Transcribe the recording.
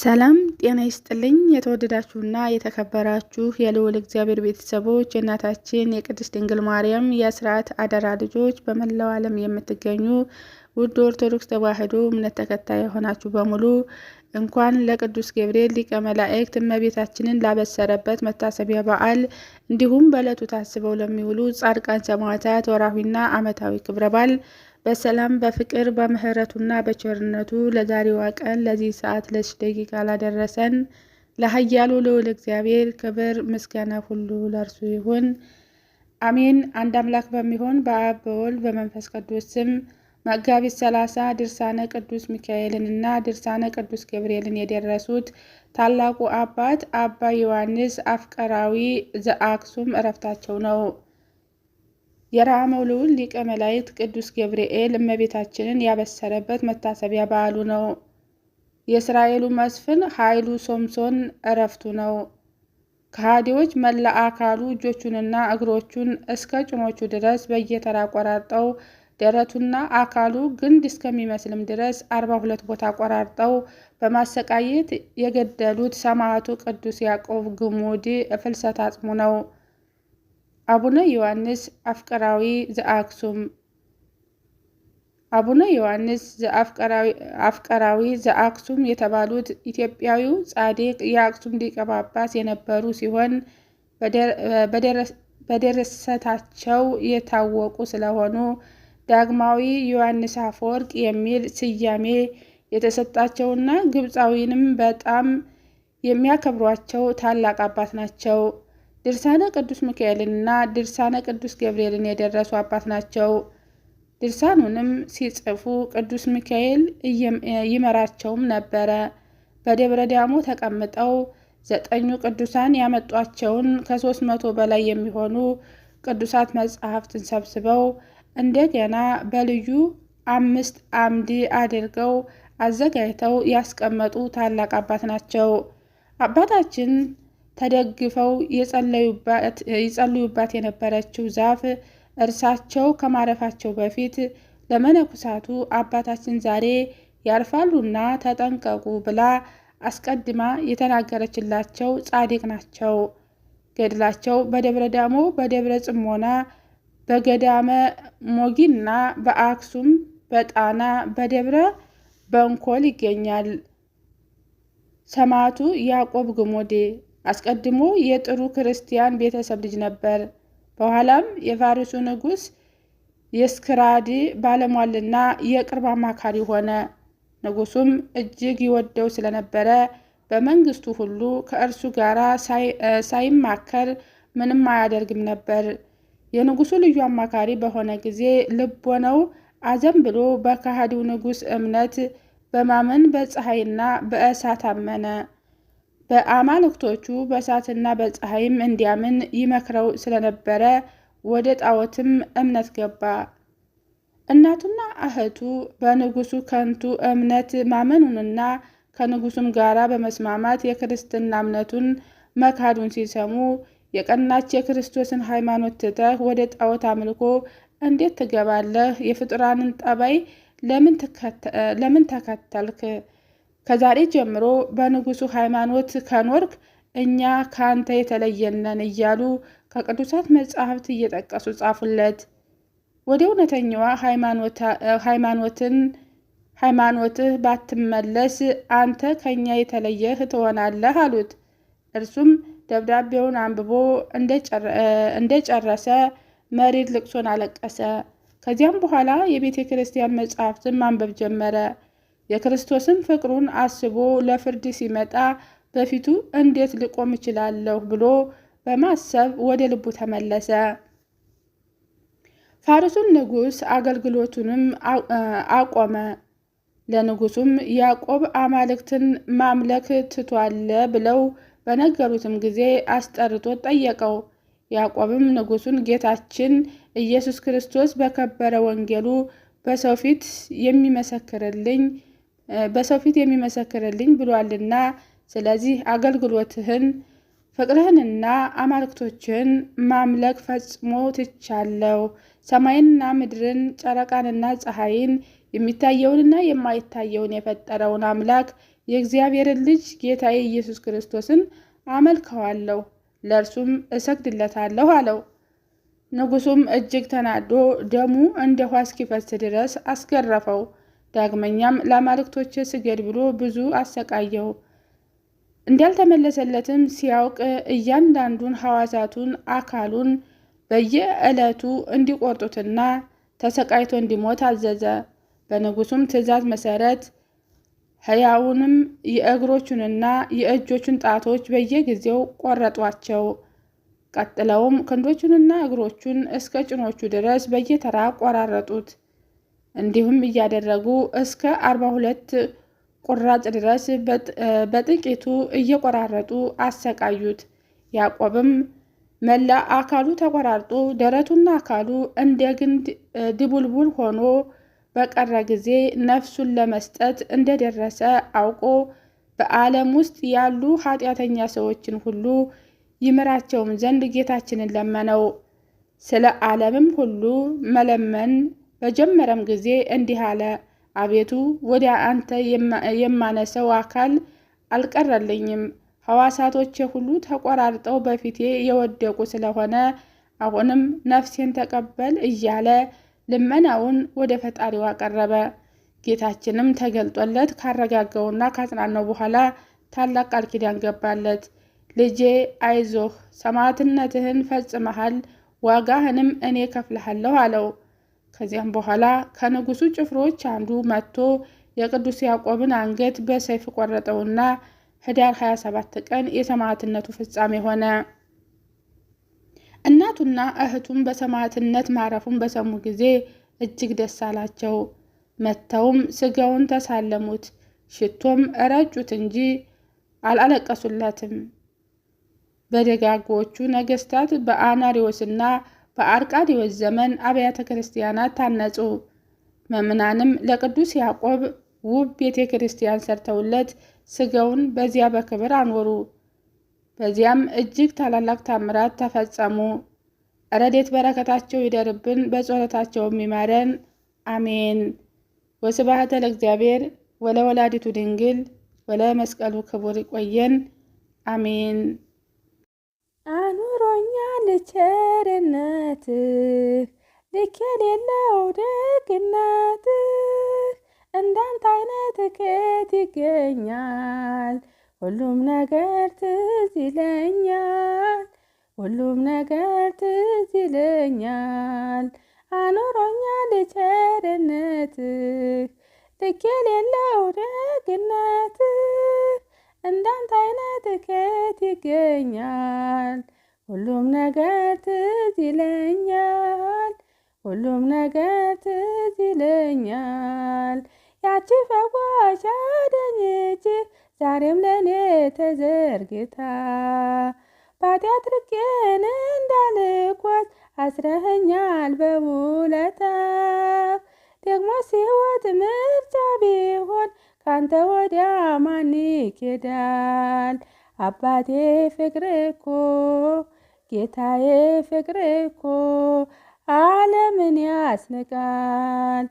ሰላም ጤና ይስጥልኝ። የተወደዳችሁና የተከበራችሁ የልዑል እግዚአብሔር ቤተሰቦች የእናታችን የቅድስት ድንግል ማርያም የስርዓት አደራ ልጆች፣ በመላው ዓለም የምትገኙ ውድ ኦርቶዶክስ ተዋሕዶ እምነት ተከታይ የሆናችሁ በሙሉ እንኳን ለቅዱስ ገብርኤል ሊቀ መላእክት እመቤታችንን ላበሰረበት መታሰቢያ በዓል እንዲሁም በዕለቱ ታስበው ለሚውሉ ጻድቃን ሰማዕታት ወራዊና ዓመታዊ ክብረ በዓል በሰላም በፍቅር በምህረቱና በቸርነቱ ለዛሬዋ ቀን ለዚህ ሰዓት ለዚህ ደቂቃ ላደረሰን ለኃያሉ ልዑል እግዚአብሔር ክብር ምስጋና ሁሉ ለእርሱ ይሁን፣ አሜን። አንድ አምላክ በሚሆን በአብ በወልድ በመንፈስ ቅዱስ ስም መጋቢት ሰላሳ ድርሳነ ቅዱስ ሚካኤልንና ድርሳነ ቅዱስ ገብርኤልን የደረሱት ታላቁ አባት አባ ዮሐንስ አፍቀራዊ ዘአክሱም እረፍታቸው ነው። የራመው ልዑል ሊቀ መላእክት ቅዱስ ገብርኤል እመቤታችንን ያበሰረበት መታሰቢያ በዓሉ ነው። የእስራኤሉ መስፍን ኃይሉ ሶምሶን እረፍቱ ነው። ከሃዲዎች መላ አካሉ እጆቹንና እግሮቹን እስከ ጭኖቹ ድረስ በየተራ ቆራርጠው ደረቱና አካሉ ግንድ እስከሚመስልም ድረስ አርባ ሁለት ቦታ ቆራርጠው በማሰቃየት የገደሉት ሰማዕቱ ቅዱስ ያዕቆብ ግሙድ ፍልሰት አጽሙ ነው። አቡነ ዮሐንስ አፍቀራዊ ዘአክሱም አቡነ ዮሐንስ አፍቀራዊ ዘአክሱም የተባሉት ኢትዮጵያዊው ጻድቅ የአክሱም ሊቀ ጳጳስ የነበሩ ሲሆን በደረሰታቸው የታወቁ ስለሆኑ ዳግማዊ ዮሐንስ አፈወርቅ የሚል ስያሜ የተሰጣቸውና ግብፃዊንም በጣም የሚያከብሯቸው ታላቅ አባት ናቸው። ድርሳነ ቅዱስ ሚካኤልንና ድርሳነ ቅዱስ ገብርኤልን የደረሱ አባት ናቸው። ድርሳኑንም ሲጽፉ ቅዱስ ሚካኤል ይመራቸውም ነበረ። በደብረ ዳሞ ተቀምጠው ዘጠኙ ቅዱሳን ያመጧቸውን ከሶስት መቶ በላይ የሚሆኑ ቅዱሳት መጻሕፍትን ሰብስበው እንደገና በልዩ አምስት አምድ አድርገው አዘጋጅተው ያስቀመጡ ታላቅ አባት ናቸው። አባታችን ተደግፈው ይጸልዩባት የነበረችው ዛፍ እርሳቸው ከማረፋቸው በፊት ለመነኩሳቱ አባታችን ዛሬ ያርፋሉና ተጠንቀቁ ብላ አስቀድማ የተናገረችላቸው ጻድቅ ናቸው። ገድላቸው በደብረ ዳሞ፣ በደብረ ጽሞና፣ በገዳመ ሞጊና፣ በአክሱም፣ በጣና፣ በደብረ በንኮል ይገኛል። ሰማዕቱ ያዕቆብ ግሞዴ አስቀድሞ የጥሩ ክርስቲያን ቤተሰብ ልጅ ነበር። በኋላም የፋሪሱ ንጉሥ የስክራዲ ባለሟልና የቅርብ አማካሪ ሆነ። ንጉሱም እጅግ ይወደው ስለነበረ በመንግስቱ ሁሉ ከእርሱ ጋር ሳይማከር ምንም አያደርግም ነበር። የንጉሱ ልዩ አማካሪ በሆነ ጊዜ ልቦነው አዘን ብሎ በካሃዲው ንጉስ እምነት በማመን በፀሐይና በእሳት አመነ። በአማልክቶቹ በእሳትና በፀሐይም እንዲያምን ይመክረው ስለነበረ ወደ ጣዖትም እምነት ገባ። እናቱና እህቱ በንጉሱ ከንቱ እምነት ማመኑንና ከንጉሱም ጋር በመስማማት የክርስትና እምነቱን መካዱን ሲሰሙ የቀናች የክርስቶስን ሃይማኖት ትተህ ወደ ጣዖት አምልኮ እንዴት ትገባለህ? የፍጡራንን ጠባይ ለምን ተከተልክ? ከዛሬ ጀምሮ በንጉሱ ሃይማኖት ከኖርክ እኛ ከአንተ የተለየነን እያሉ ከቅዱሳት መጻሕፍት እየጠቀሱ ጻፉለት። ወደ እውነተኛዋ ሃይማኖትን ሃይማኖትህ ባትመለስ አንተ ከእኛ የተለየህ ትሆናለህ አሉት። እርሱም ደብዳቤውን አንብቦ እንደጨረሰ መሪር ልቅሶን አለቀሰ። ከዚያም በኋላ የቤተ ክርስቲያን መጻሕፍትን ማንበብ ጀመረ። የክርስቶስን ፍቅሩን አስቦ ለፍርድ ሲመጣ በፊቱ እንዴት ልቆም እችላለሁ ብሎ በማሰብ ወደ ልቡ ተመለሰ። ፋርሱን ንጉሥ አገልግሎቱንም አቆመ። ለንጉሱም ያዕቆብ አማልክትን ማምለክ ትቷል ብለው በነገሩትም ጊዜ አስጠርቶ ጠየቀው። ያዕቆብም ንጉሱን ጌታችን ኢየሱስ ክርስቶስ በከበረ ወንጌሉ በሰው ፊት የሚመሰክርልኝ በሰው ፊት የሚመሰክርልኝ ብሏልና ስለዚህ አገልግሎትህን ፍቅርህንና አማልክቶችን ማምለክ ፈጽሞ ትቻለሁ። ሰማይንና ምድርን ጨረቃንና ፀሐይን የሚታየውንና የማይታየውን የፈጠረውን አምላክ የእግዚአብሔርን ልጅ ጌታዬ ኢየሱስ ክርስቶስን አመልከዋለሁ፣ ለእርሱም እሰግድለታለሁ አለው። ንጉሱም እጅግ ተናዶ ደሙ እንደ ውሃ እስኪፈስ ድረስ አስገረፈው። ዳግመኛም ለአማልክቶች ስገድ ብሎ ብዙ አሰቃየው። እንዳልተመለሰለትም ሲያውቅ እያንዳንዱን ሐዋሳቱን አካሉን በየዕለቱ እንዲቆርጡትና ተሰቃይቶ እንዲሞት አዘዘ። በንጉሱም ትእዛዝ መሰረት ሕያውንም የእግሮቹንና የእጆቹን ጣቶች በየጊዜው ቆረጧቸው። ቀጥለውም ክንዶቹንና እግሮቹን እስከ ጭኖቹ ድረስ በየተራ ቆራረጡት። እንዲሁም እያደረጉ እስከ 42 ቁራጭ ድረስ በጥቂቱ እየቆራረጡ አሰቃዩት። ያዕቆብም መላ አካሉ ተቆራርጦ ደረቱና አካሉ እንደ ግንድ ድቡልቡል ሆኖ በቀረ ጊዜ ነፍሱን ለመስጠት እንደደረሰ አውቆ በዓለም ውስጥ ያሉ ኃጢአተኛ ሰዎችን ሁሉ ይምራቸውም ዘንድ ጌታችንን ለመነው። ስለ ዓለምም ሁሉ መለመን በጀመረም ጊዜ እንዲህ አለ። አቤቱ ወደ አንተ የማነሰው አካል አልቀረልኝም። ሐዋሳቶቼ ሁሉ ተቆራርጠው በፊቴ የወደቁ ስለሆነ አሁንም ነፍሴን ተቀበል እያለ ልመናውን ወደ ፈጣሪው አቀረበ። ጌታችንም ተገልጦለት ካረጋገውና ካጽናነው በኋላ ታላቅ ቃል ኪዳን ገባለት። ልጄ አይዞህ፣ ሰማዕትነትህን ፈጽመሃል፣ ዋጋህንም እኔ ከፍልሃለሁ አለው። ከዚያም በኋላ ከንጉሱ ጭፍሮች አንዱ መጥቶ የቅዱስ ያዕቆብን አንገት በሰይፍ ቆረጠውና ህዳር 27 ቀን የሰማዕትነቱ ፍጻሜ ሆነ። እናቱና እህቱም በሰማዕትነት ማረፉን በሰሙ ጊዜ እጅግ ደስ አላቸው። መጥተውም ስጋውን ተሳለሙት፣ ሽቶም ረጩት እንጂ አላለቀሱለትም። በደጋጎቹ ነገስታት በአናሪዎስና በአርቃዲዎስ ዘመን አብያተ ክርስቲያናት ታነጹ። መምናንም ለቅዱስ ያዕቆብ ውብ ቤተ ክርስቲያን ሰርተውለት ስጋውን በዚያ በክብር አኖሩ። በዚያም እጅግ ታላላቅ ታምራት ተፈጸሙ። ረዴት በረከታቸው ይደርብን፣ በጸሎታቸውም ይማረን። አሜን። ወስብሐት ለእግዚአብሔር ወላዲቱ ድንግል ወለ መስቀሉ ክቡር። ይቆየን። አሜን። አኑሮኛ ልቸርን ውበትህ ልክ የሌለው ደግነትህ እንዳንተ አይነት ከየት ይገኛል? ሁሉም ነገር ትዝ ይለኛል፣ ሁሉም ነገር ትዝ ይለኛል። አኖሮኛል ቸርነትህ ልክ የሌለው ደግነትህ እንዳንተ አይነት ከየት ይገኛል? ሁሉም ነገር ትዝ ይለኛል፣ ሁሉም ነገር ትዝ ይለኛል። ያቺ ፈዋሽ አዳኝ ዛሬም ለእኔ ተዘርግታ ባጢአት ርቄን እንዳልጓዝ አስረኸኛል በውለታ። ደግሞ ሲወት ምርጫ ቢሆን ካንተ ወዲያ ማን ይኬዳል? አባቴ ፍቅር እኮ ጌታዬ ፍቅር እኮ ዓለምን ያስንቃል።